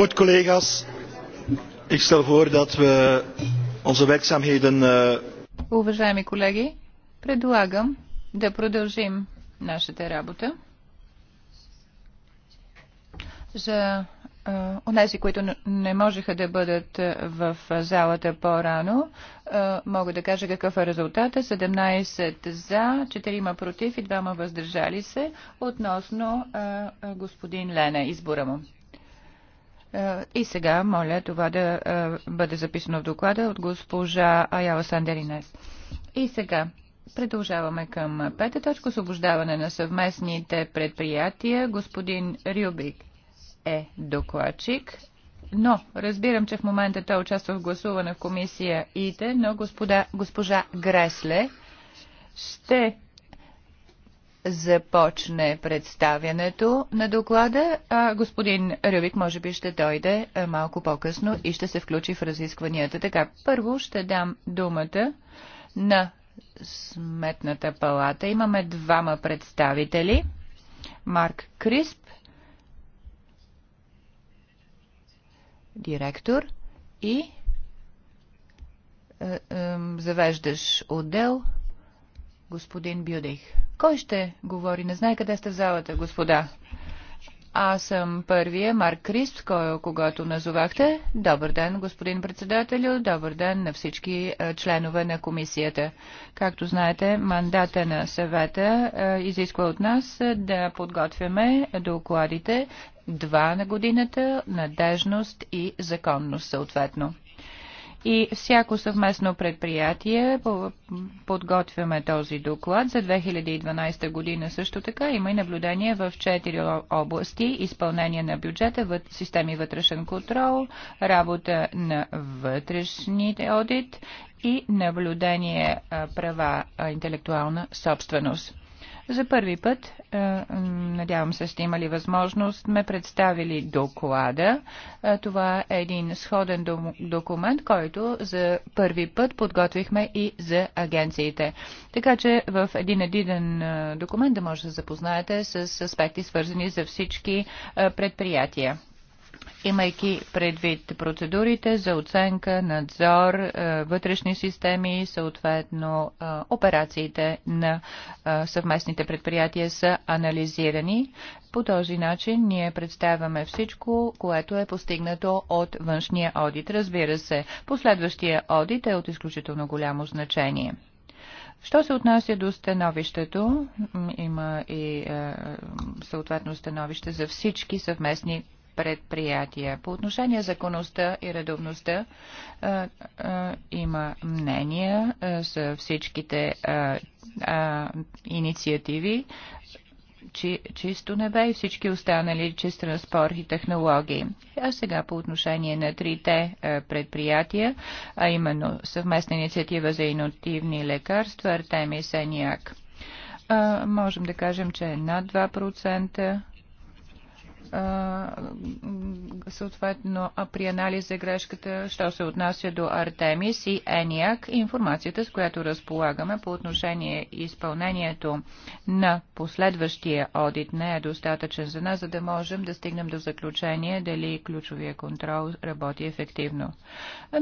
Goed, collega's. Ik stel voor dat we onze werkzaamheden... Eh, Уважаеми колеги, предлагам да продължим нашата работа. За е, Онези, които не можеха да бъдат е, в залата по-рано, е, мога да кажа какъв е резултата. 17 за, 4 против и 2 въздържали се относно господин Лена, избора му. Е, и сега моля това да е, бъде записано в доклада от госпожа Аяла Сандеринес. И сега Продължаваме към пета точка. Освобождаване на съвместните предприятия. Господин Рюбик е докладчик. Но разбирам, че в момента той участва в гласуване в комисия ИТЕ, но господа, госпожа Гресле ще започне представянето на доклада. А господин Рюбик може би ще дойде малко по-късно и ще се включи в разискванията. Така, първо ще дам думата на Сметната палата. Имаме двама представители. Марк Крисп, директор и завеждаш отдел господин Бюдих. Кой ще говори? Не знае къде сте в залата, господа. Аз съм първия, Марк Крист, кой, когато назовахте. Добър ден, господин председателю, добър ден на всички е, членове на комисията. Както знаете, мандата на съвета е, изисква от нас е, да подготвяме докладите два на годината, надежност и законност съответно и всяко съвместно предприятие подготвяме този доклад. За 2012 година също така има и наблюдение в четири области. Изпълнение на бюджета, системи вътрешен контрол, работа на вътрешните одит и наблюдение права интелектуална собственост. За първи път, е, надявам се, сте имали възможност, ме представили доклада. Е, това е един сходен документ, който за първи път подготвихме и за агенциите. Така че в един единен е, документ да може да запознаете с аспекти, свързани за всички предприятия имайки предвид процедурите за оценка, надзор, е, вътрешни системи, съответно е, операциите на е, съвместните предприятия са анализирани. По този начин ние представяме всичко, което е постигнато от външния одит. Разбира се, последващия одит е от изключително голямо значение. Що се отнася до становището, има и съответно становище за всички съвместни предприятия. По отношение законността и редовността има мнения а, за всичките инициативи чисто небе и всички останали чист транспорт и технологии. А сега по отношение на трите предприятия, а именно съвместна инициатива за инотивни лекарства, Артемис Ениак. Можем да кажем, че е над 2% съответно при анализа грешката, що се отнася до Артемис и ЕНИАК, информацията, с която разполагаме по отношение изпълнението на последващия одит не е достатъчен за нас, за да можем да стигнем до заключение дали ключовия контрол работи ефективно.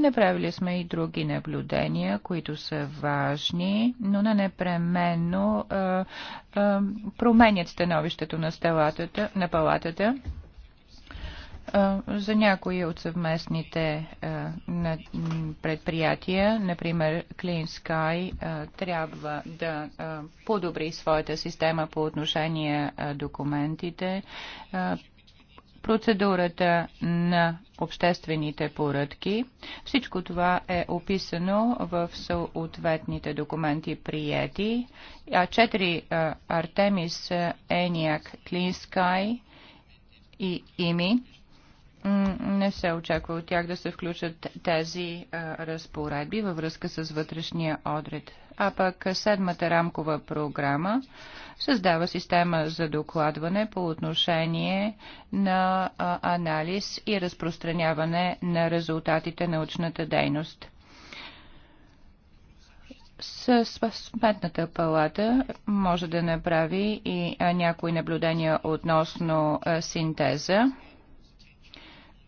Направили сме и други наблюдения, които са важни, но не непременно променят становището на, на палатата за някои от съвместните предприятия, например Clean Sky, трябва да подобри своята система по отношение документите, процедурата на обществените поръдки. Всичко това е описано в съответните документи приети. А Артемис, Ениак, Клинскай и ИМИ. Не се очаква от тях да се включат тези а, разпоредби във връзка с вътрешния одред. А пък седмата рамкова програма създава система за докладване по отношение на а, анализ и разпространяване на резултатите научната дейност с Сметната палата може да направи и някои наблюдения относно синтеза.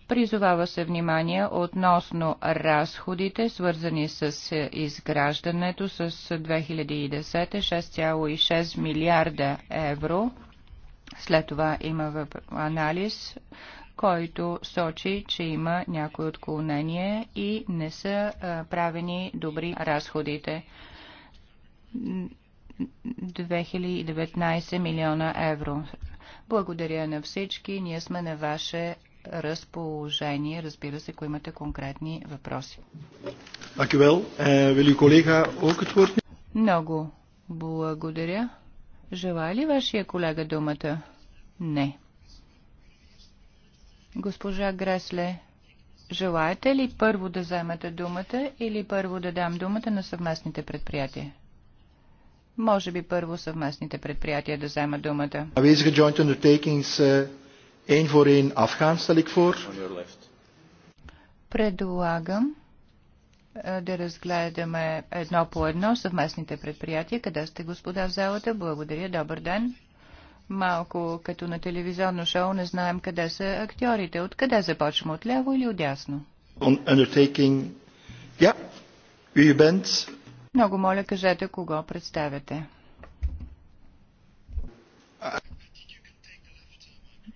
Призовава се внимание относно разходите, свързани с изграждането с 2010 6,6 милиарда евро. След това има анализ който сочи, че има някои отклонения и не са а, правени добри разходите. 2019 милиона евро. Благодаря на всички. Ние сме на ваше разположение, разбира се, ако имате конкретни въпроси. Eh, Много благодаря. Желая ли вашия колега думата? Не. Госпожа Гресле, желаете ли първо да вземете думата или първо да дам думата на съвместните предприятия? Може би първо съвместните предприятия да вземат думата. joint undertakings één uh, voor één afgaan, stel ik voor. Предлагам uh, да разгледаме едно по едно съвместните предприятия. Къде сте, господа, в залата? Благодаря. Добър ден малко като на телевизионно шоу, не знаем къде са актьорите. Откъде започваме? От ляво или от дясно? Yeah. Много моля, кажете кого представяте.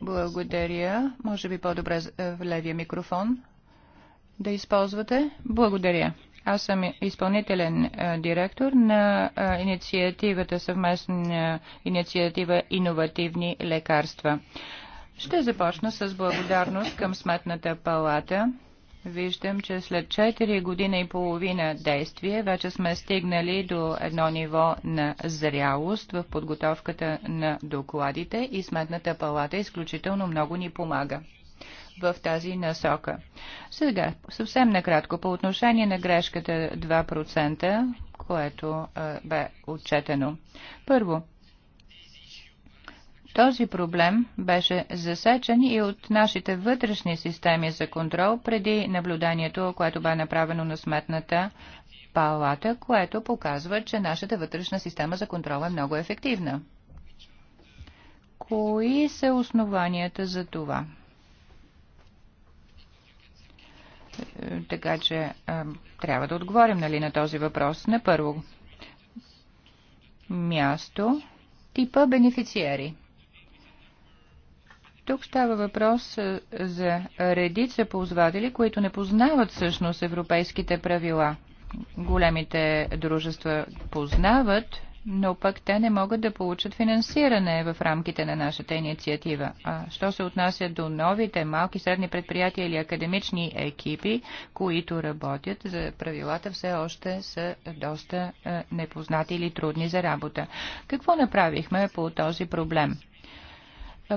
Благодаря. Може би по-добре в левия микрофон да използвате. Благодаря. Аз съм изпълнителен е, директор на е, инициативата съвместна е, инициатива «Инновативни лекарства. Ще започна с благодарност към Сметната палата. Виждам, че след 4 година и половина действие вече сме стигнали до едно ниво на зрялост в подготовката на докладите и Сметната палата изключително много ни помага в тази насока. Сега, съвсем накратко, по отношение на грешката 2%, което а, бе отчетено. Първо, този проблем беше засечен и от нашите вътрешни системи за контрол преди наблюданието, което бе направено на сметната палата, което показва, че нашата вътрешна система за контрол е много ефективна. Кои са основанията за това? така че а, трябва да отговорим нали, на този въпрос. На първо място типа бенефициери. Тук става въпрос за редица ползватели, които не познават всъщност европейските правила. Големите дружества познават но пък те не могат да получат финансиране в рамките на нашата инициатива. А що се отнася до новите малки средни предприятия или академични екипи, които работят, за правилата все още са доста непознати или трудни за работа. Какво направихме по този проблем?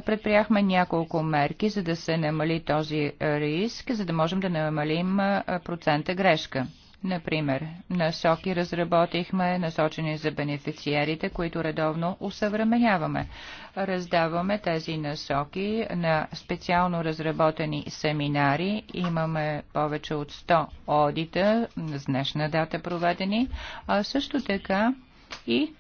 Предприяхме няколко мерки, за да се намали този риск, за да можем да намалим процента грешка. Например, насоки разработихме, насочени за бенефициерите, които редовно усъвременяваме. Раздаваме тези насоки на специално разработени семинари. Имаме повече от 100 одита с днешна дата проведени, а също така и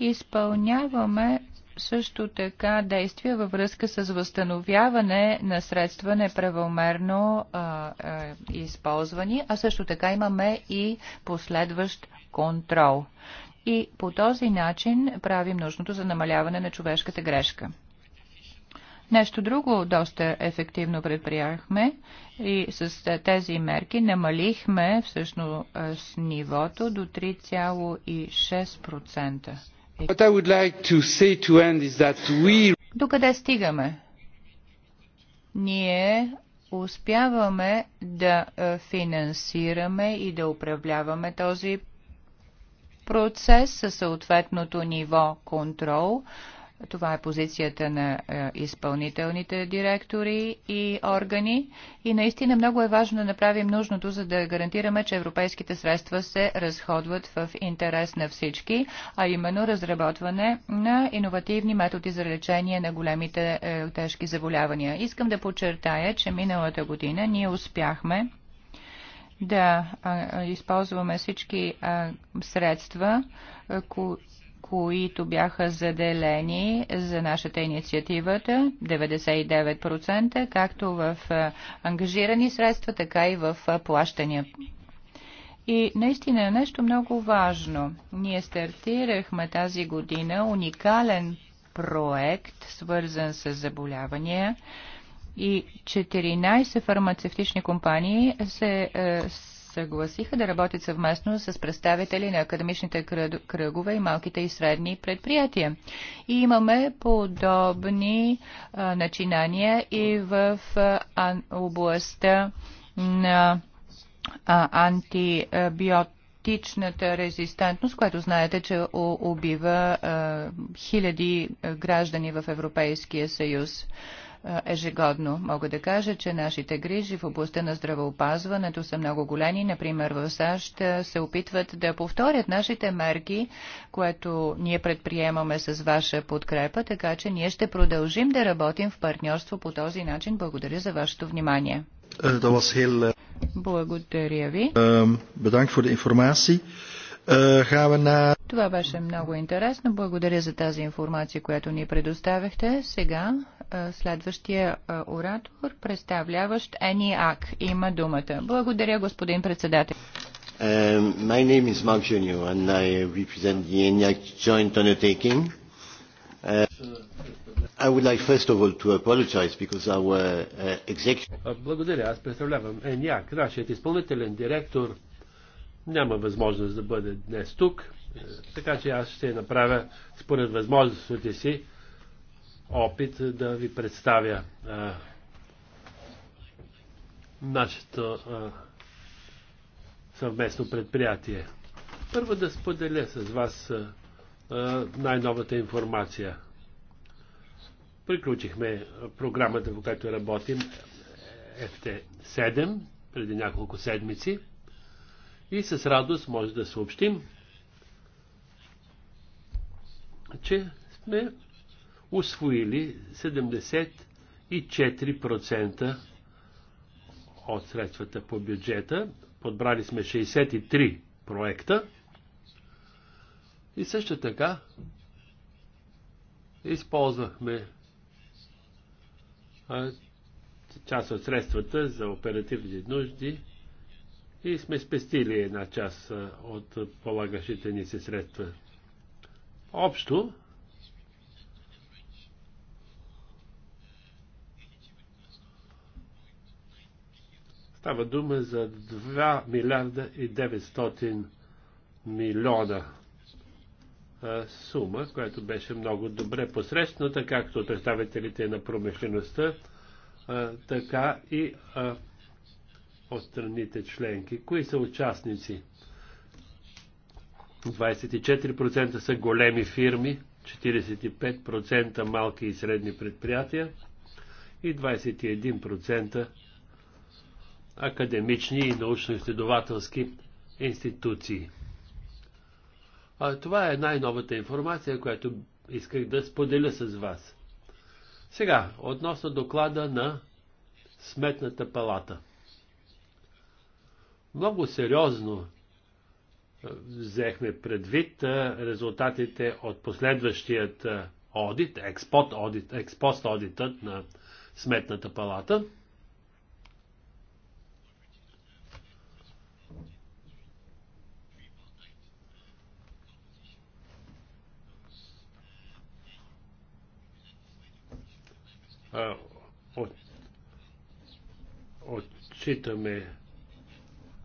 изпълняваме също така действия във връзка с възстановяване на средства неправомерно а, а, използвани, а също така имаме и последващ контрол. И по този начин правим нужното за намаляване на човешката грешка. Нещо друго доста ефективно предприяхме и с тези мерки намалихме всъщност нивото до 3,6%. Докъде стигаме? Ние успяваме да е, финансираме и да управляваме този процес със съответното ниво контрол, това е позицията на е, изпълнителните директори и органи. И наистина много е важно да направим нужното, за да гарантираме, че европейските средства се разходват в интерес на всички, а именно разработване на иновативни методи за лечение на големите е, тежки заболявания. Искам да подчертая, че миналата година ние успяхме да използваме всички средства, е, които бяха заделени за нашата инициативата, 99%, както в ангажирани средства, така и в плащания. И наистина е нещо много важно. Ние стартирахме тази година уникален проект, свързан с заболявания и 14 фармацевтични компании се е, съгласиха да работят съвместно с представители на академичните кръгове и малките и средни предприятия. И имаме подобни а, начинания и в а, областта на а, антибиот тичната резистентност, която знаете, че убива а, хиляди граждани в Европейския съюз. Е, ежегодно. Мога да кажа, че нашите грижи в областта на здравеопазването са много големи. Например, в САЩ се опитват да повторят нашите мерки, което ние предприемаме с ваша подкрепа, така че ние ще продължим да работим в партньорство по този начин. Благодаря за вашето внимание. Е, е, Благодаря ви. Това беше много интересно. Благодаря за тази информация, която ни предоставяхте. Сега следващия оратор, представляващ ЕНИАК. Има думата. Благодаря, господин председател. Um, my name is Mark Junior and I represent the ENIAC joint undertaking. Uh, I would like first of all to apologize because our uh, executive... Благодаря, аз представлявам ЕНИАК. Нашият изпълнителен директор няма възможност да бъде днес тук, е, така че аз ще направя според възможностите си опит да ви представя а, нашето а, съвместно предприятие. Първо да споделя с вас най-новата информация. Приключихме програмата, по която работим, FT7, преди няколко седмици. И с радост може да съобщим, че сме освоили 74% от средствата по бюджета. Подбрали сме 63 проекта. И също така използвахме част от средствата за оперативни нужди и сме спестили една част от полагащите ни се средства. Общо Става дума за 2 милиарда и 900 милиона сума, която беше много добре посрещната, както от представителите на промишлеността, така и от страните членки. Кои са участници? 24% са големи фирми, 45% малки и средни предприятия и 21% академични и научно-изследователски институции. А това е най-новата информация, която исках да споделя с вас. Сега, относно доклада на Сметната палата. Много сериозно взехме предвид резултатите от последващият одит, експост одитът на Сметната палата – от, отчитаме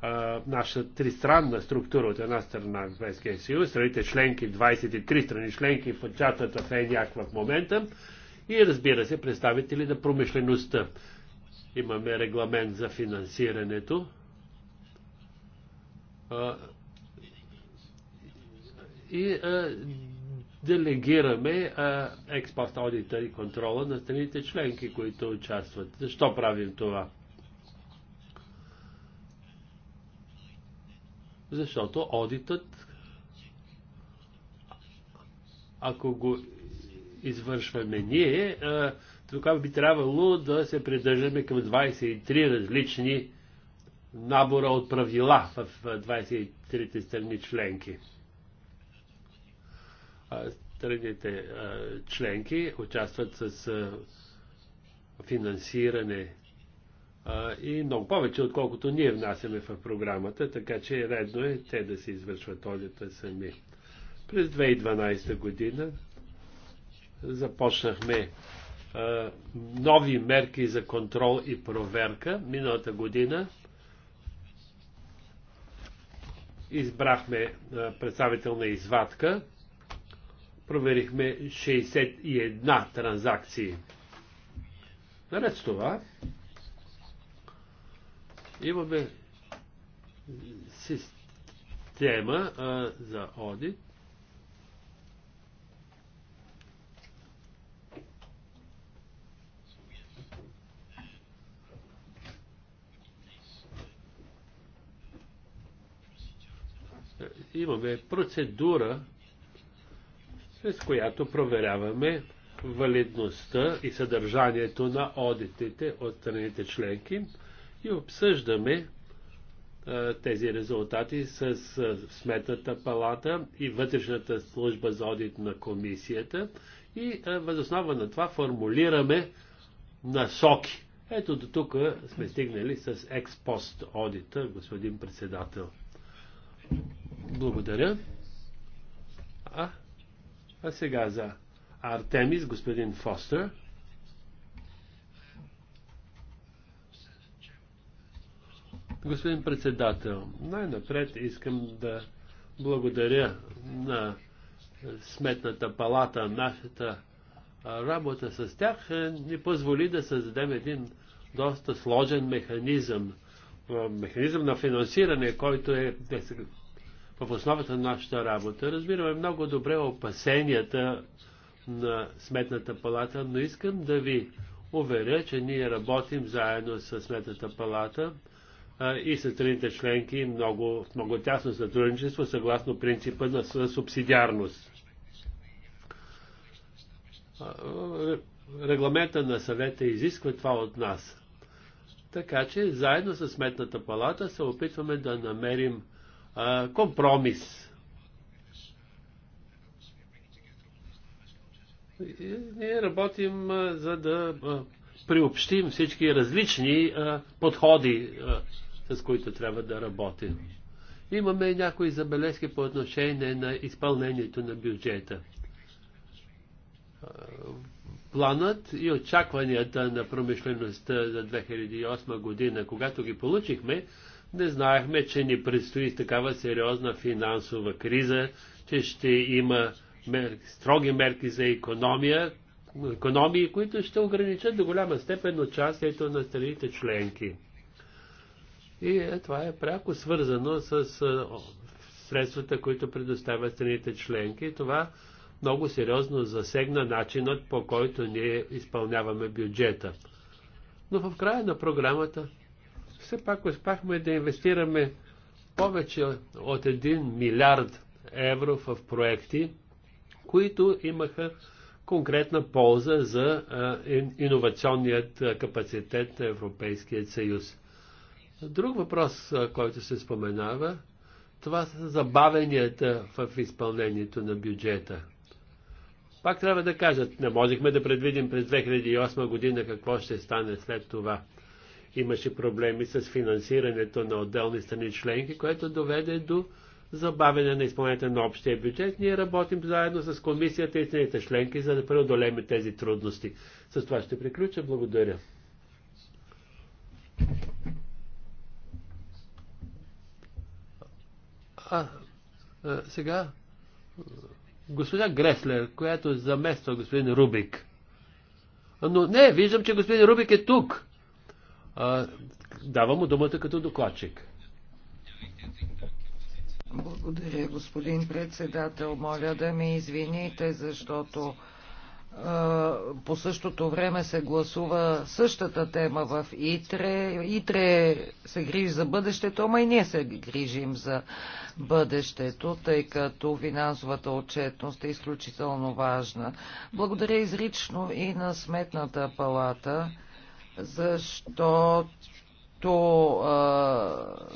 а, наша тристранна структура от една страна в Европейския съюз, страните членки, 23 страни членки в отчатата в някаква в момента и разбира се представители на промишлеността. Имаме регламент за финансирането. А, и а, делегираме експорт аудита и контрола на страните членки, които участват. Защо правим това? Защото аудитът, ако го извършваме ние, тогава би трябвало да се придържаме към 23 различни набора от правила в 23 страни членки страните членки участват с финансиране и много повече, отколкото ние внасяме в програмата, така че е редно е те да се извършват одита сами. През 2012 година започнахме нови мерки за контрол и проверка. Миналата година избрахме представителна извадка проверихме 61 транзакции. Наред с това, имаме система а, за одит, имаме процедура с която проверяваме валидността и съдържанието на одитите от страните членки и обсъждаме а, тези резултати с а, Сметната палата и Вътрешната служба за одит на комисията и възоснова на това формулираме насоки. Ето до тук сме стигнали с експост одита, господин председател. Благодаря. А, а сега за Артемис, господин Фостер. Господин председател, най-напред искам да благодаря на Сметната палата. Нашата работа с тях е, ни позволи да създадем един доста сложен механизъм. Механизъм на финансиране, който е в основата на нашата работа. Разбираме много добре опасенията на Сметната палата, но искам да ви уверя, че ние работим заедно с Сметната палата и с страните членки много, много тясно сътрудничество, съгласно принципа на субсидиарност. Регламента на съвета изисква това от нас. Така че заедно с Сметната палата се опитваме да намерим компромис. ние работим за да приобщим всички различни подходи, с които трябва да работим. Имаме и някои забележки по отношение на изпълнението на бюджета. Планът и очакванията на промишлеността за 2008 година, когато ги получихме, не знаехме, че ни предстои такава сериозна финансова криза, че ще има мер... строги мерки за економия, економии, които ще ограничат до голяма степен участието на страните членки. И е, това е пряко свързано с е, средствата, които предоставят страните членки. Това много сериозно засегна начинът по който ние изпълняваме бюджета. Но в края на програмата все пак успяхме да инвестираме повече от 1 милиард евро в проекти, които имаха конкретна полза за иновационният капацитет на Европейския съюз. Друг въпрос, който се споменава, това са забавенията в изпълнението на бюджета. Пак трябва да кажат, не можехме да предвидим през 2008 година какво ще стане след това. Имаше проблеми с финансирането на отделни страни членки, което доведе до забавяне на изпълнението на общия бюджет. Ние работим заедно с комисията и страните членки, за да преодолеем тези трудности. С това ще приключа. Благодаря. А, а сега госпожа Греслер, която замества господин Рубик. Но не, виждам, че господин Рубик е тук. А Давам му думата като докладчик. Благодаря, господин председател. Моля да ме извините, защото по същото време се гласува същата тема в ИТРЕ. ИТРЕ се грижи за бъдещето, ама и ние се грижим за бъдещето, тъй като финансовата отчетност е изключително важна. Благодаря изрично и на Сметната палата защото а,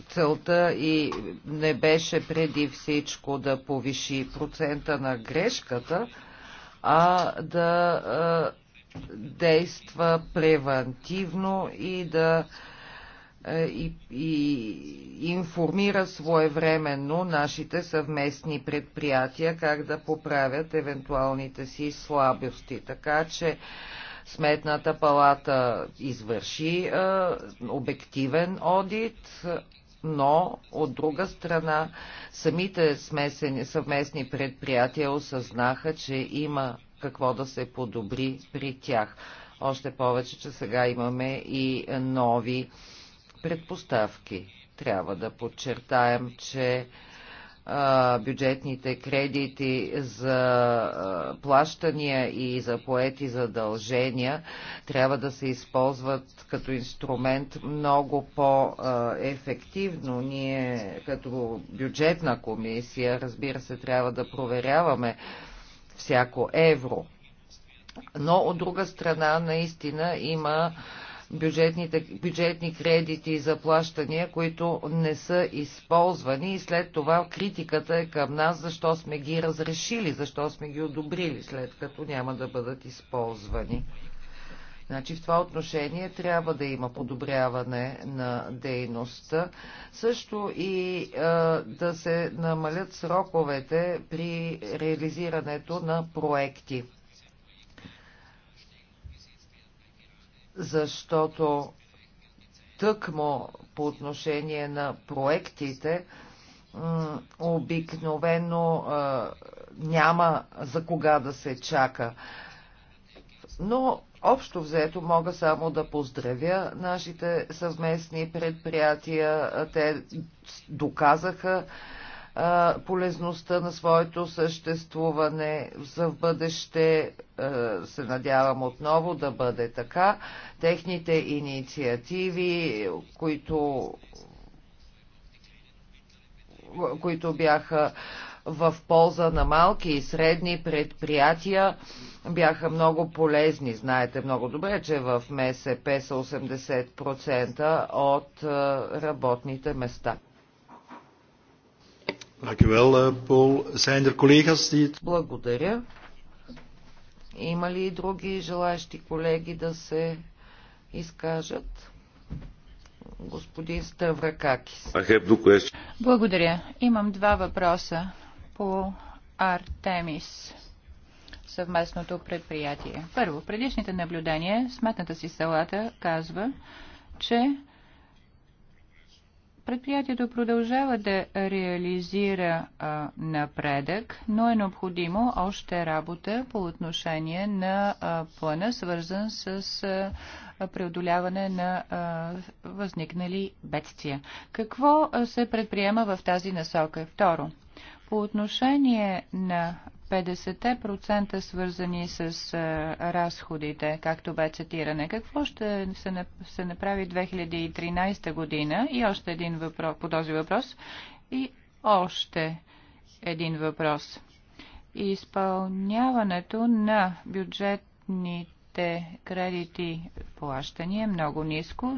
целта и не беше преди всичко да повиши процента на грешката, а да а, действа превантивно и да и, и информира своевременно нашите съвместни предприятия как да поправят евентуалните си слабости. Така че а, Сметната палата извърши обективен одит, но от друга страна самите смесени, съвместни предприятия осъзнаха, че има какво да се подобри при тях. Още повече, че сега имаме и нови предпоставки. Трябва да подчертаем, че бюджетните кредити за плащания и за поети задължения трябва да се използват като инструмент много по-ефективно. Ние като бюджетна комисия, разбира се, трябва да проверяваме всяко евро. Но от друга страна, наистина има бюджетни кредити и заплащания, които не са използвани и след това критиката е към нас, защо сме ги разрешили, защо сме ги одобрили, след като няма да бъдат използвани. Значи в това отношение трябва да има подобряване на дейността, също и е, да се намалят сроковете при реализирането на проекти. защото тъкмо по отношение на проектите обикновено няма за кога да се чака. Но общо взето мога само да поздравя нашите съвместни предприятия. Те доказаха, полезността на своето съществуване за в бъдеще. се надявам отново да бъде така. Техните инициативи, които, които бяха в полза на малки и средни предприятия бяха много полезни. Знаете много добре, че в МСП са 80% от работните места. Eh, er Благодаря. Има ли и други желаящи колеги да се изкажат? Господин Ставракакис. Благодаря. Имам два въпроса по Артемис съвместното предприятие. Първо, предишните наблюдения Сметната си салата казва, че Предприятието продължава да реализира а, напредък, но е необходимо още работа по отношение на а, плана, свързан с а, преодоляване на а, възникнали бедствия. Какво се предприема в тази насока? Второ, по отношение на 50% свързани с разходите, както бе цитиране. Какво ще се направи 2013 година? И още един въпрос по този въпрос. И още един въпрос. Изпълняването на бюджетните кредити плащания е много ниско.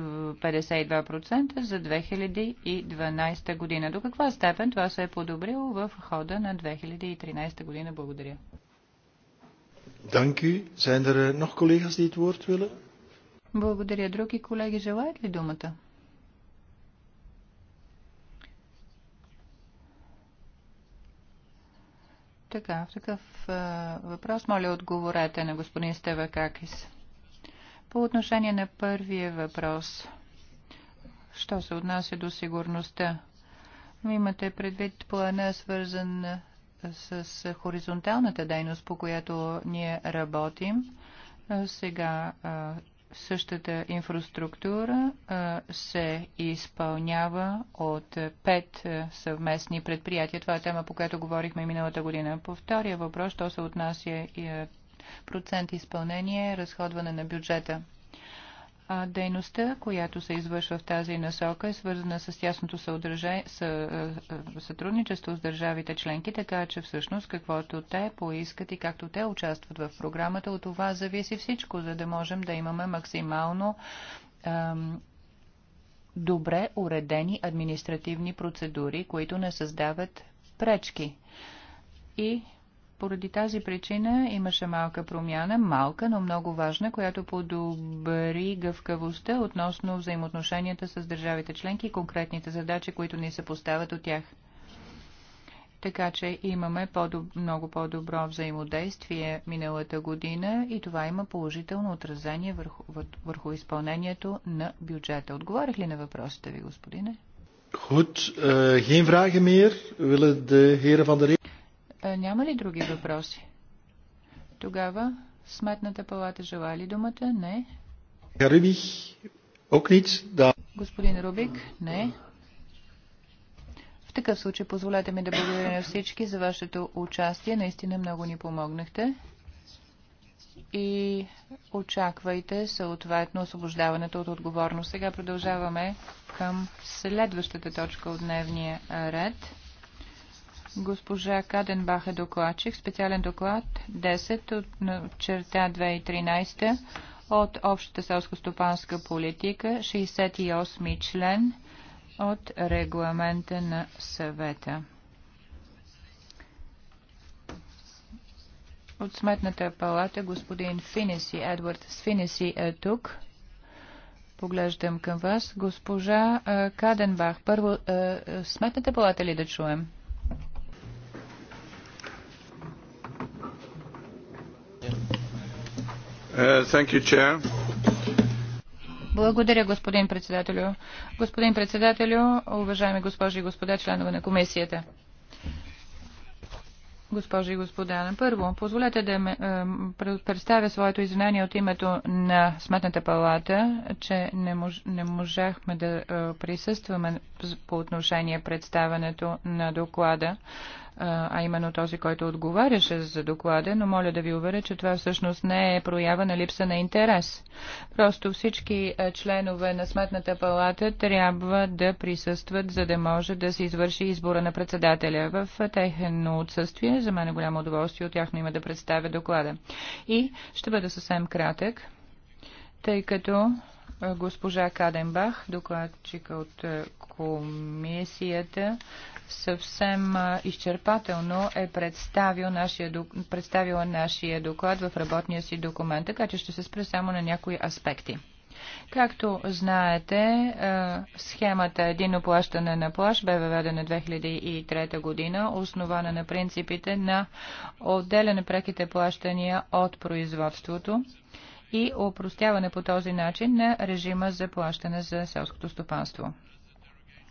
52% за 2012 година. До каква степен това се е подобрило в хода на 2013 година? Благодаря. Данки. u. Zijn нох er, колега eh, collega's die woord willen? Благодаря. Други колеги желаят ли думата? Така, в такъв въпрос моля отговорете на господин Стева Какис. По отношение на първия въпрос, що се отнася до сигурността, имате предвид плана свързан с хоризонталната дейност, по която ние работим. Сега същата инфраструктура се изпълнява от пет съвместни предприятия. Това е тема, по която говорихме миналата година. По втория въпрос, що се отнася и процент изпълнение, разходване на бюджета. А дейността, която се извършва в тази насока, е свързана с тясното сътрудничество с държавите членки, така че всъщност каквото те поискат и както те участват в програмата, от това зависи всичко, за да можем да имаме максимално ам, добре уредени административни процедури, които не създават пречки и поради тази причина имаше малка промяна, малка, но много важна, която подобри гъвкавостта относно взаимоотношенията с държавите членки и конкретните задачи, които ни се поставят от тях така че имаме по много по-добро взаимодействие миналата година и това има положително отразение върху, върху изпълнението на бюджета. Отговорих ли на въпросите ви, господине? Goed, uh, geen vragen meer. Willen de heren van de е, няма ли други въпроси? Тогава Сметната палата желая ли думата? Не. Рубих, да. Господин Рубик, не. В такъв случай позволете ми да благодаря на всички за вашето участие. Наистина много ни помогнахте. И очаквайте съответно освобождаването от отговорност. Сега продължаваме към следващата точка от дневния ред. Госпожа Каденбах е докладчик. Специален доклад 10 от черта 2013 от Общата селско-стопанска политика, 68 член от регламента на съвета. От Сметната палата господин Финеси, Едвард Сфинеси е тук. Поглеждам към вас. Госпожа Каденбах, първо Сметната палата ли да чуем? Uh, Благодаря, господин председателю. Господин председателю, уважаеми госпожи и господа, членове на комисията. Госпожи и господа, първо, позволете да ме, е, представя своето извинение от името на Сметната палата, че не, мож, не можахме да е, присъстваме по отношение представането на доклада, а именно този, който отговаряше за доклада, но моля да ви уверя, че това всъщност не е проява на липса на интерес. Просто всички членове на Сметната палата трябва да присъстват, за да може да се извърши избора на председателя. В техно отсъствие, за мен е голямо удоволствие от тяхно има да представя доклада. И ще бъда съвсем кратък, тъй като госпожа Каденбах, докладчика от комисията съвсем изчерпателно е представил нашия, представила нашия доклад в работния си документ, така че ще се спре само на някои аспекти. Както знаете, схемата Едино плащане на плащ бе въведена 2003 година, основана на принципите на отделяне преките плащания от производството и опростяване по този начин на режима за плащане за селското стопанство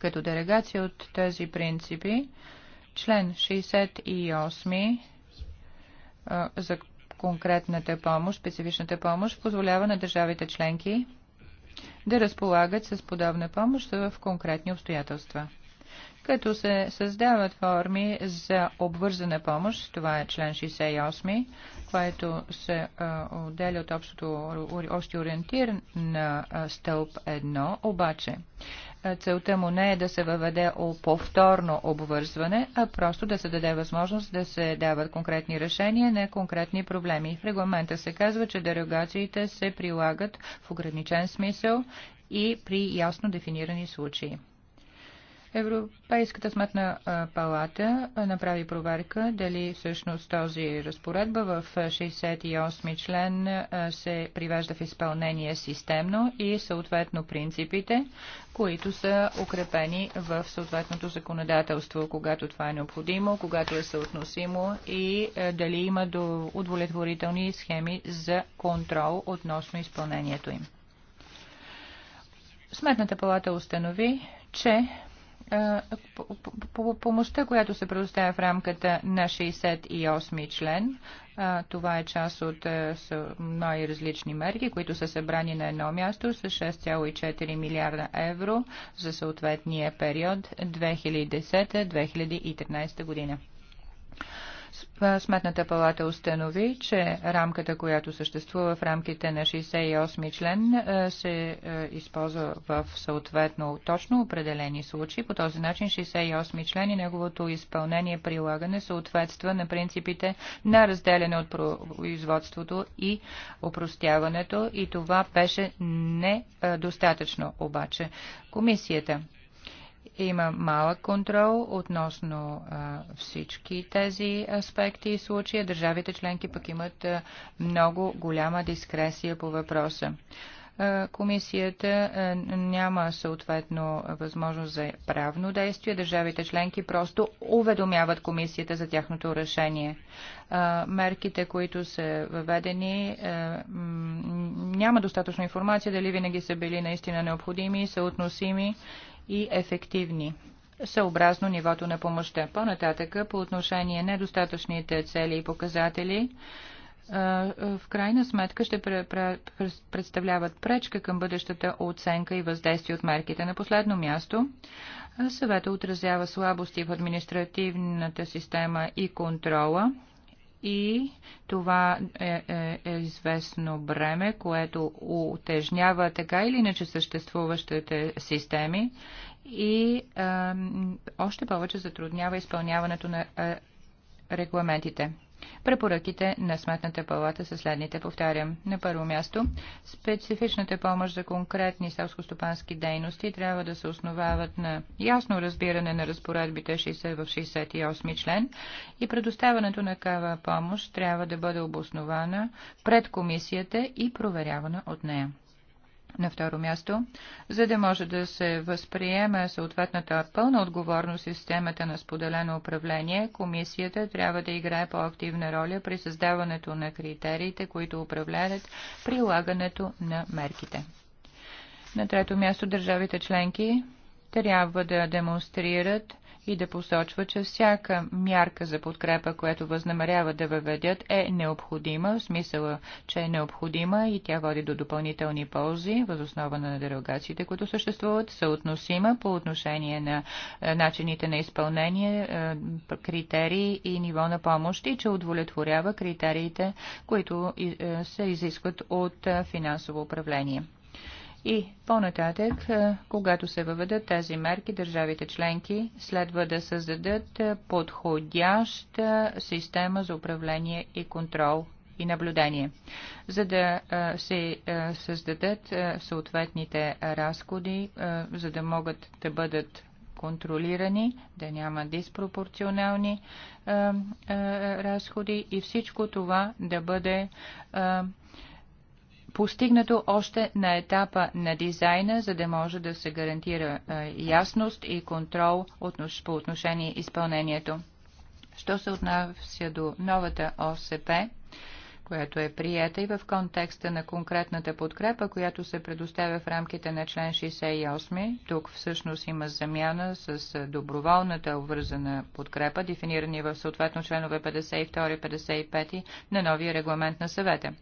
като делегация от тези принципи, член 68 за конкретната помощ, специфичната помощ, позволява на държавите членки да разполагат с подобна помощ в конкретни обстоятелства като се създават форми за обвързана помощ, това е член 68, което се отделя от общото още ориентир на стълб 1, обаче целта му не е да се въведе повторно обвързване, а просто да се даде възможност да се дават конкретни решения на конкретни проблеми. В регламента се казва, че дерогациите се прилагат в ограничен смисъл и при ясно дефинирани случаи. Европейската сметна палата направи проверка дали всъщност този разпоредба в 68 член се привежда в изпълнение системно и съответно принципите, които са укрепени в съответното законодателство, когато това е необходимо, когато е съотносимо и дали има до удовлетворителни схеми за контрол относно изпълнението им. Сметната палата установи, че помощта, която се предоставя в рамката на 68 член. Това е част от много различни мерки, които са събрани на едно място с 6,4 милиарда евро за съответния период 2010-2013 година. Сметната палата установи, че рамката, която съществува в рамките на 68 член, се използва в съответно точно определени случаи. По този начин 68 член и неговото изпълнение прилагане съответства на принципите на разделяне от производството и опростяването и това беше недостатъчно обаче. Комисията има малък контрол относно а, всички тези аспекти и случаи. Държавите членки пък имат а, много голяма дискресия по въпроса комисията няма съответно възможност за правно действие. Държавите членки просто уведомяват комисията за тяхното решение. Мерките, които са въведени, няма достатъчно информация дали винаги са били наистина необходими и са относими и ефективни съобразно нивото на помощта. По-нататъка, по отношение недостатъчните цели и показатели, в крайна сметка ще представляват пречка към бъдещата оценка и въздействие от мерките. На последно място, съвета отразява слабости в административната система и контрола и това е, е, е известно бреме, което утежнява така или иначе съществуващите системи и е, още повече затруднява изпълняването на е, регламентите. Препоръките на Сметната палата са следните, повтарям. На първо място, специфичната помощ за конкретни селскостопански дейности трябва да се основават на ясно разбиране на разпоредбите 60 в 68 член и предоставянето на кава помощ трябва да бъде обоснована пред комисията и проверявана от нея. На второ място, за да може да се възприеме съответната пълна отговорност в системата на споделено управление, комисията трябва да играе по-активна роля при създаването на критериите, които управляват прилагането на мерките. На трето място, държавите членки трябва да демонстрират и да посочва, че всяка мярка за подкрепа, която възнамерява да въведят, е необходима, в смисъла, че е необходима и тя води до допълнителни ползи, възоснова на дерогациите, които съществуват, съотносима по отношение на е, начините на изпълнение, е, критерии и ниво на помощ и че удовлетворява критериите, които е, се изискват от финансово управление. И по-нататък, е, когато се въведат тези мерки, държавите членки следва да създадат е, подходяща система за управление и контрол и наблюдение, за да е, се създадат съответните разходи, за да могат да бъдат контролирани, да няма диспропорционални разходи и всичко това да бъде постигнато още на етапа на дизайна, за да може да се гарантира ясност и контрол по отношение изпълнението. Що се отнася до новата ОСП, която е приета и в контекста на конкретната подкрепа, която се предоставя в рамките на член 68. Тук всъщност има замяна с доброволната обвързана подкрепа, дефинирани в съответно членове 52-55 на новия регламент на съвета.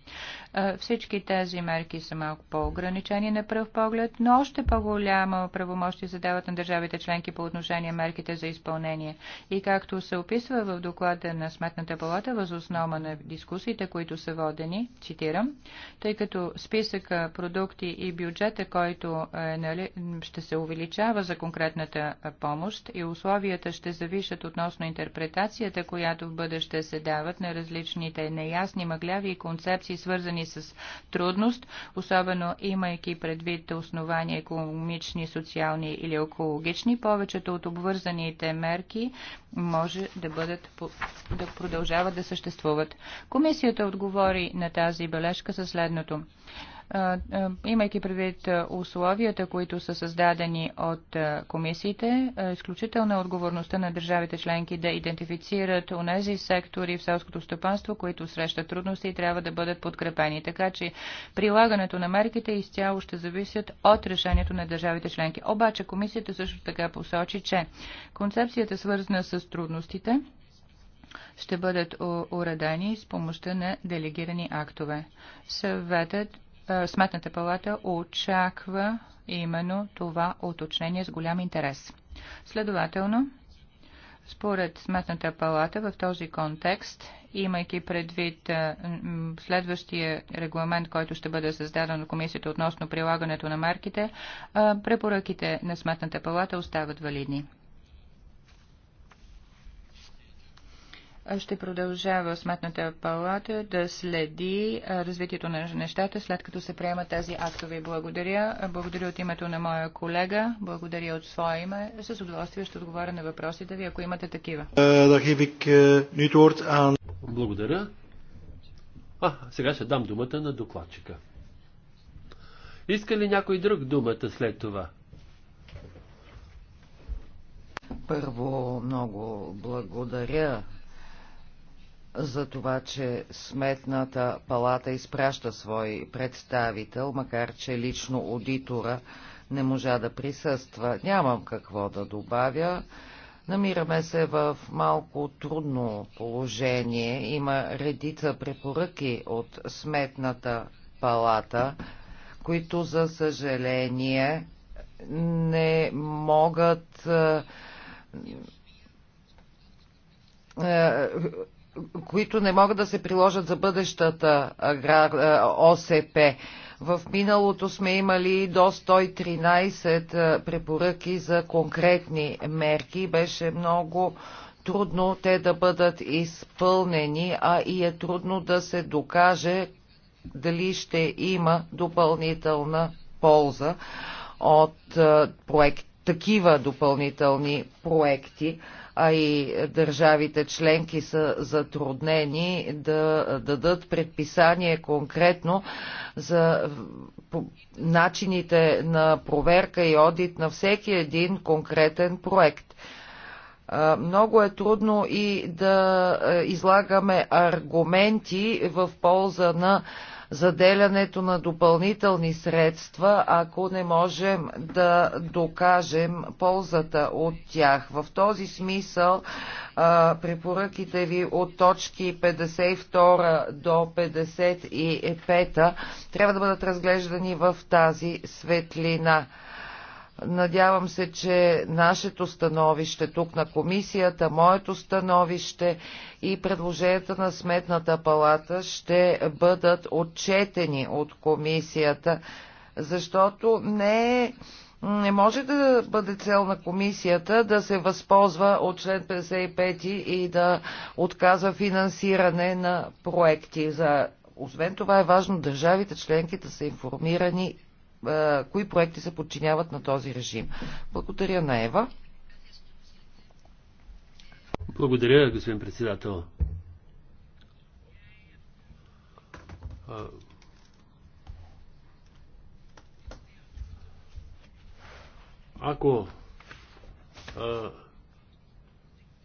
Всички тези мерки са малко по-ограничени на пръв поглед, но още по-голяма правомощи се дават на държавите членки по отношение мерките за изпълнение. И както се описва в доклада на Сметната палата, възоснова на дискусиите, които които са водени, цитирам, тъй като списъка продукти и бюджета, който е, нали, ще се увеличава за конкретната помощ и условията ще завишат относно интерпретацията, която в бъдеще се дават на различните неясни мъгляви и концепции, свързани с трудност, особено имайки предвид основания економични, социални или екологични, повечето от обвързаните мерки може да бъдат да продължават да съществуват. Комисията от отговори на тази бележка със следното имайки предвид условията, които са създадени от комисиите, изключителна е отговорността на държавите членки да идентифицират онези сектори в селското стопанство, които срещат трудности и трябва да бъдат подкрепени. Така че прилагането на мерките изцяло ще зависят от решението на държавите членки. Обаче комисията също така посочи, че концепцията свързана с трудностите ще бъдат уредени с помощта на делегирани актове. Съветът, Сметната палата очаква именно това уточнение с голям интерес. Следователно, според Сметната палата в този контекст, имайки предвид следващия регламент, който ще бъде създаден от комисията относно прилагането на марките, препоръките на Сметната палата остават валидни. ще продължава Сметната палата да следи развитието на нещата след като се приемат тези актове. Благодаря. Благодаря от името на моя колега. Благодаря от своя име. С удоволствие ще отговоря на въпросите ви, ако имате такива. Е, е, благодаря. А, сега ще дам думата на докладчика. Иска ли някой друг думата след това? Първо много благодаря за това, че Сметната палата изпраща свой представител, макар че лично аудитора не можа да присъства. Нямам какво да добавя. Намираме се в малко трудно положение. Има редица препоръки от Сметната палата, които за съжаление не могат е, е, които не могат да се приложат за бъдещата ОСП. В миналото сме имали до 113 препоръки за конкретни мерки. Беше много трудно те да бъдат изпълнени, а и е трудно да се докаже дали ще има допълнителна полза от проект, такива допълнителни проекти а и държавите членки са затруднени да дадат предписание конкретно за начините на проверка и одит на всеки един конкретен проект. Много е трудно и да излагаме аргументи в полза на заделянето на допълнителни средства, ако не можем да докажем ползата от тях. В този смисъл препоръките ви от точки 52 до 55 трябва да бъдат разглеждани в тази светлина. Надявам се, че нашето становище тук на комисията, моето становище и предложенията на Сметната палата ще бъдат отчетени от комисията, защото не не може да бъде цел на комисията да се възползва от член 55 и да отказва финансиране на проекти. За... Освен това е важно държавите членки да са информирани е, кои проекти се подчиняват на този режим. Благодаря на Ева. Благодаря, господин председател. Ако а,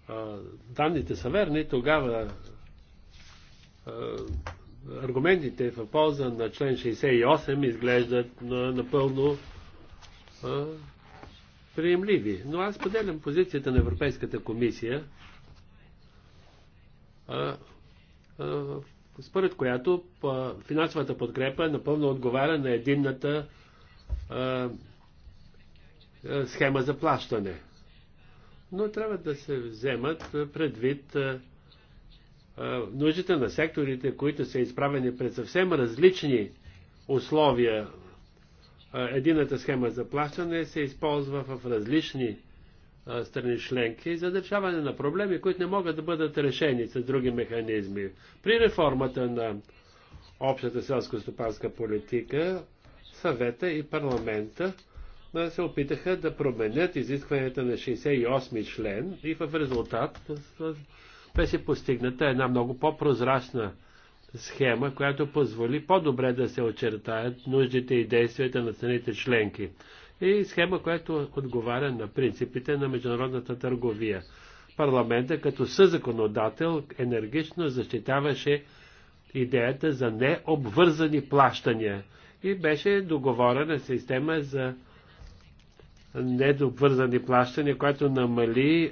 а, данните са верни, тогава а, аргументите в полза на член 68 изглеждат напълно приемливи. Но аз поделям позицията на Европейската комисия, според която финансовата подкрепа напълно отговаря на единната схема за плащане. Но трябва да се вземат предвид нуждите на секторите, които са изправени пред съвсем различни условия. Едината схема за плащане се използва в различни страни членки за държаване на проблеми, които не могат да бъдат решени с други механизми. При реформата на общата селско-стопанска политика, съвета и парламента се опитаха да променят изискванията на 68 член и в резултат беше постигната една много по-прозрачна схема, която позволи по-добре да се очертаят нуждите и действията на страните членки. И схема, която отговаря на принципите на международната търговия. Парламента като съзаконодател енергично защитаваше идеята за необвързани плащания и беше договорена система за недобвързани плащания, която намали е,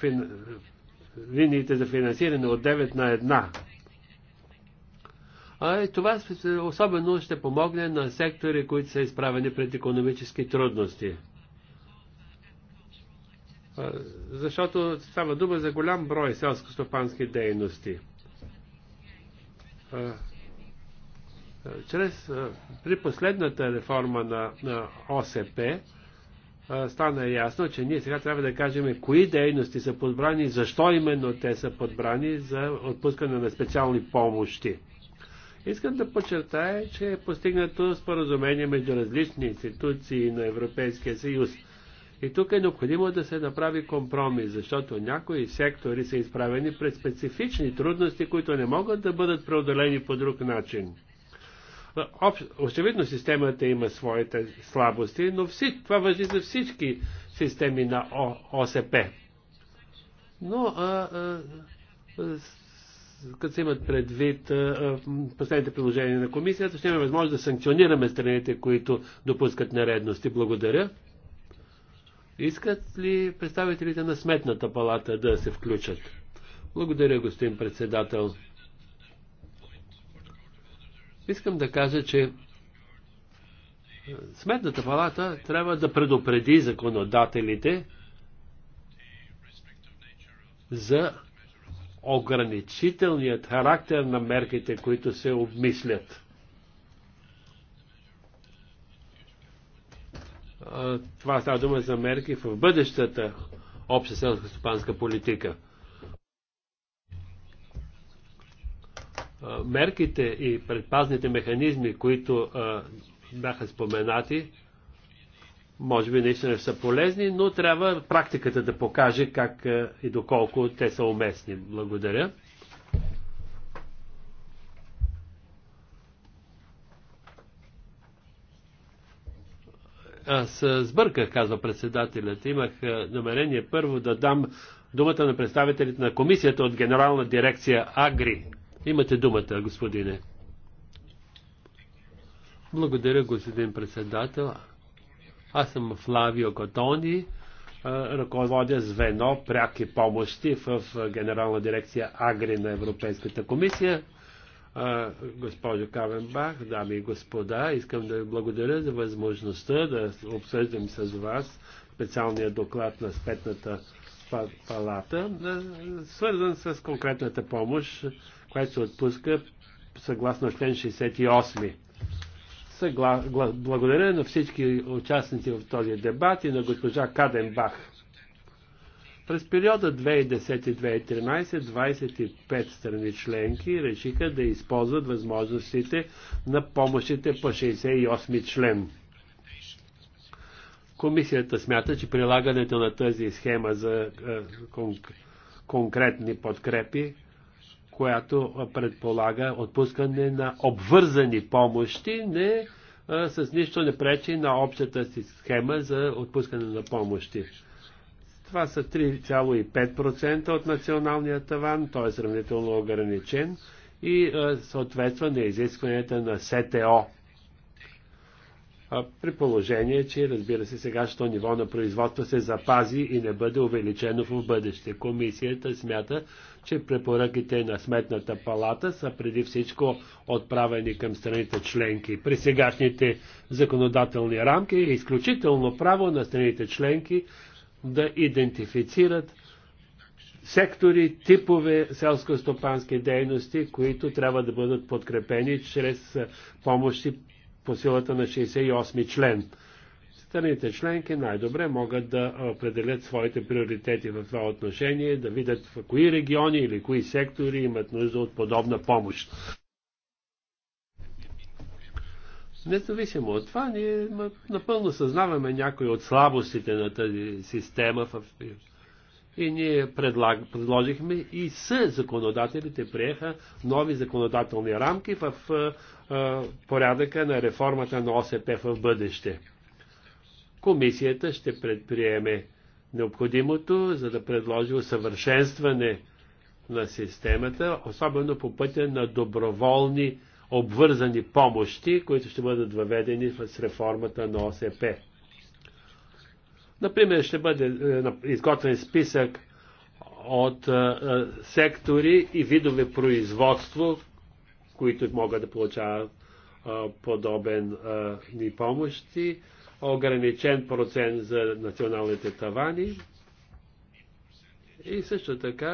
фин линиите за финансиране от 9 на 1. А и това особено ще помогне на сектори, които са изправени пред економически трудности. Защото става дума за голям брой селско-стопански дейности. Чрез, при последната реформа на, на ОСП, стана ясно, че ние сега трябва да кажем кои дейности са подбрани, защо именно те са подбрани за отпускане на специални помощи. Искам да подчертая, че е постигнато споразумение между различни институции на Европейския съюз. И тук е необходимо да се направи компромис, защото някои сектори са изправени пред специфични трудности, които не могат да бъдат преодолени по друг начин. Очевидно системата има своите слабости, но всичко, това въжи за всички системи на О, ОСП. Но а, а, като се имат предвид а, последните приложения на комисията, ще имаме възможност да санкционираме страните, които допускат нередности. Благодаря. Искат ли представителите на Сметната палата да се включат? Благодаря, господин председател. Искам да кажа, че е, Сметната палата трябва да предупреди законодателите за ограничителният характер на мерките, които се обмислят. Това става дума за мерки в бъдещата обща селско-стопанска политика – мерките и предпазните механизми, които бяха споменати, може би наистина са полезни, но трябва практиката да покаже как и доколко те са уместни. Благодаря. Аз сбърках, казва председателят. Имах намерение първо да дам думата на представителите на комисията от Генерална дирекция Агри. Имате думата, господине. Благодаря, господин председател. Аз съм Флавио Котони, ръководя звено пряки помощи в Генерална дирекция Агри на Европейската комисия. Госпожо Кавенбах, дами и господа, искам да ви благодаря за възможността да обсъждам с вас специалния доклад на Спетната палата, свързан с конкретната помощ което се отпуска съгласно член 68. Съгла... Благодаря на всички участници в този дебат и на госпожа Каденбах. През периода 2010-2013 25 страни членки решиха да използват възможностите на помощите по 68 член. Комисията смята, че прилагането на тази схема за е, конкретни подкрепи която предполага отпускане на обвързани помощи, не с нищо не пречи на общата си схема за отпускане на помощи. Това са 3,5% от националния таван, той е сравнително ограничен и съответства на изискванията на СТО. При положение, че разбира се сега, що ниво на производство се запази и не бъде увеличено в бъдеще. Комисията смята, че препоръките на Сметната палата са преди всичко отправени към страните членки. При сегашните законодателни рамки е изключително право на страните членки да идентифицират сектори, типове селско-стопански дейности, които трябва да бъдат подкрепени чрез помощи по силата на 68 член. Страните членки най-добре могат да определят своите приоритети в това отношение, да видят в кои региони или кои сектори имат нужда от подобна помощ. Независимо от това, ние напълно съзнаваме някои от слабостите на тази система в и ние предлаг, предложихме и с законодателите приеха нови законодателни рамки в порядъка на реформата на ОСП в бъдеще комисията ще предприеме необходимото, за да предложи усъвършенстване на системата, особено по пътя на доброволни обвързани помощи, които ще бъдат въведени с реформата на ОСП. Например, ще бъде е, изготвен списък от е, е, сектори и видове производство, които могат да получават подобен ни помощи ограничен процент за националните тавани и също така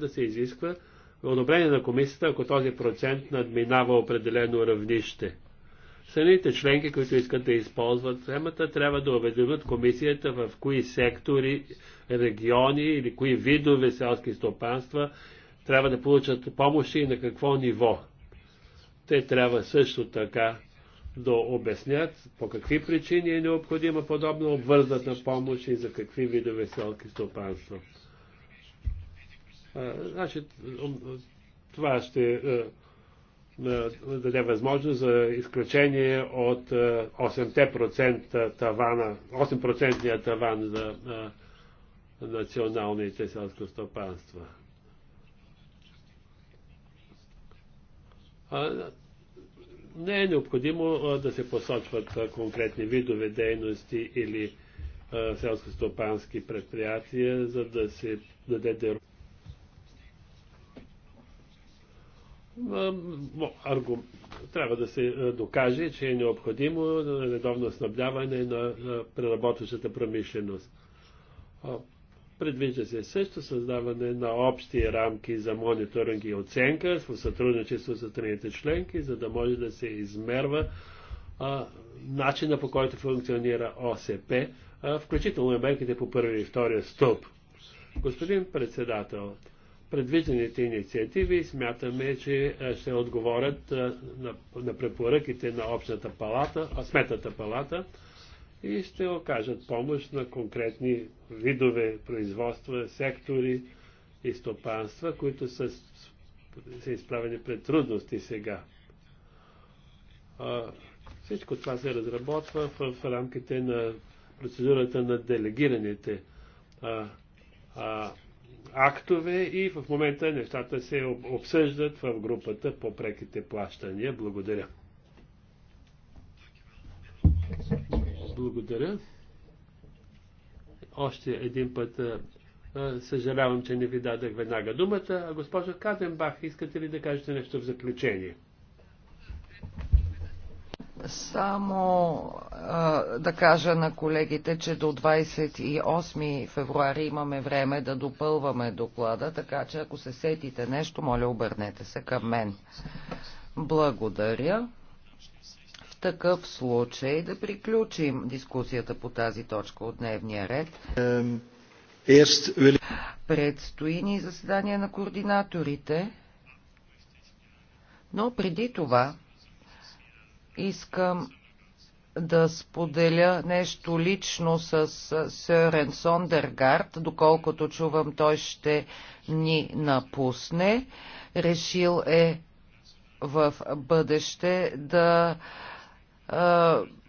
да се изисква одобрение на комисията, ако този процент надминава определено равнище. Страните членки, които искат да използват темата, трябва да уведомят комисията в кои сектори, региони или кои видове селски стопанства трябва да получат помощи и на какво ниво. Те трябва също така да обяснят по какви причини е необходима подобна обвързана помощ и за какви видове селки стопанство. Значи, това ще даде възможност за изключение от 8% тавана, 8% таван за националните селско стопанства не е необходимо да се посочват конкретни видове дейности или селско-стопански предприятия, за да се даде Аргум... трябва да се докаже, че е необходимо редовно снабдяване на преработващата промишленост. Предвижда се също създаване на общи рамки за мониторинг и оценка в сътрудничество с страните членки, за да може да се измерва а, начина по който функционира ОСП, а, включително и мерките по първи и втория стоп. Господин председател, предвижданите инициативи смятаме, че ще отговорят на, на препоръките на Общата палата, а Сметната палата, и ще окажат помощ на конкретни видове производства, сектори и стопанства, които са, са изправени пред трудности сега. А, всичко това се разработва в, в рамките на процедурата на делегираните а, а, актове и в момента нещата се обсъждат в групата по преките плащания. Благодаря. благодаря. Още един път съжалявам, че не ви дадах веднага думата. А госпожа Каденбах, искате ли да кажете нещо в заключение? Само а, да кажа на колегите, че до 28 февруари имаме време да допълваме доклада, така че ако се сетите нещо, моля обърнете се към мен. Благодаря такъв случай да приключим дискусията по тази точка от дневния ред. Предстои ни заседание на координаторите, но преди това искам да споделя нещо лично с Сърен Сондергард, доколкото чувам той ще ни напусне. Решил е в бъдеще да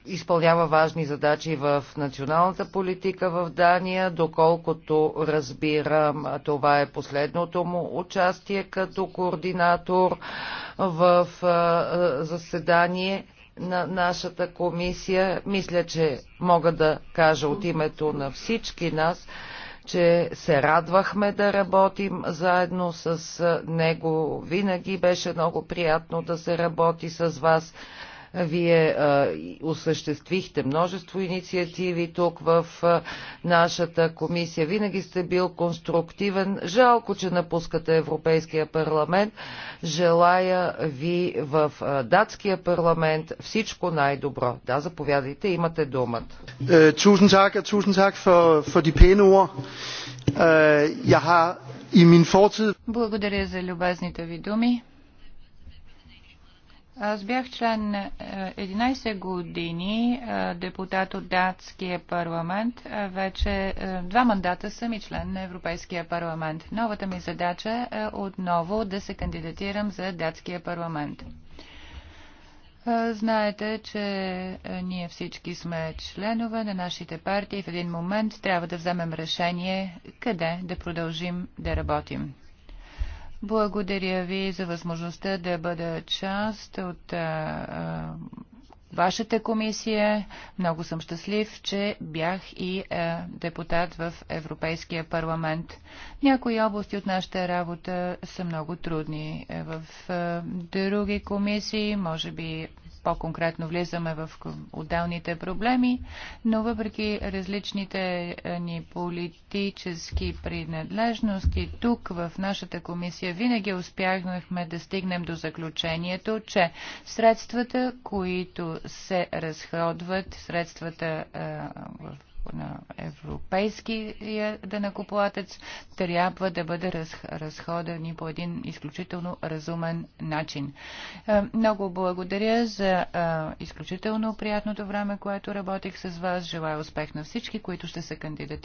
изпълнява важни задачи в националната политика в Дания. Доколкото разбирам, това е последното му участие като координатор в заседание на нашата комисия. Мисля, че мога да кажа от името на всички нас, че се радвахме да работим заедно с него. Винаги беше много приятно да се работи с вас. Вие а, осъществихте множество инициативи тук в а, нашата комисия. Винаги сте бил конструктивен. Жалко, че напускате Европейския парламент. Желая ви в а, датския парламент всичко най-добро. Да, заповядайте, имате думата. Тузен tak, тузен tusind за for, for е, har i min Благодаря за любезните ви думи. Аз бях член 11 е, години, е, депутат от датския парламент. Е, вече два мандата съм и член на Европейския парламент. Новата ми задача е отново да се кандидатирам за датския парламент. Знаете, че ние всички сме членове на нашите партии и в един момент трябва да вземем решение къде да продължим да работим. Благодаря ви за възможността да бъда част от а, вашата комисия. Много съм щастлив, че бях и а, депутат в Европейския парламент. Някои области от нашата работа са много трудни. Е, в а, други комисии, може би по-конкретно влизаме в отделните проблеми, но въпреки различните е, ни политически принадлежности, тук в нашата комисия винаги успяхме да стигнем до заключението, че средствата, които се разходват, средствата е, в на европейския денакоплатец трябва да бъде разходени по един изключително разумен начин. Е, много благодаря за е, изключително приятното време, което работих с вас. Желая успех на всички, които ще се кандидатират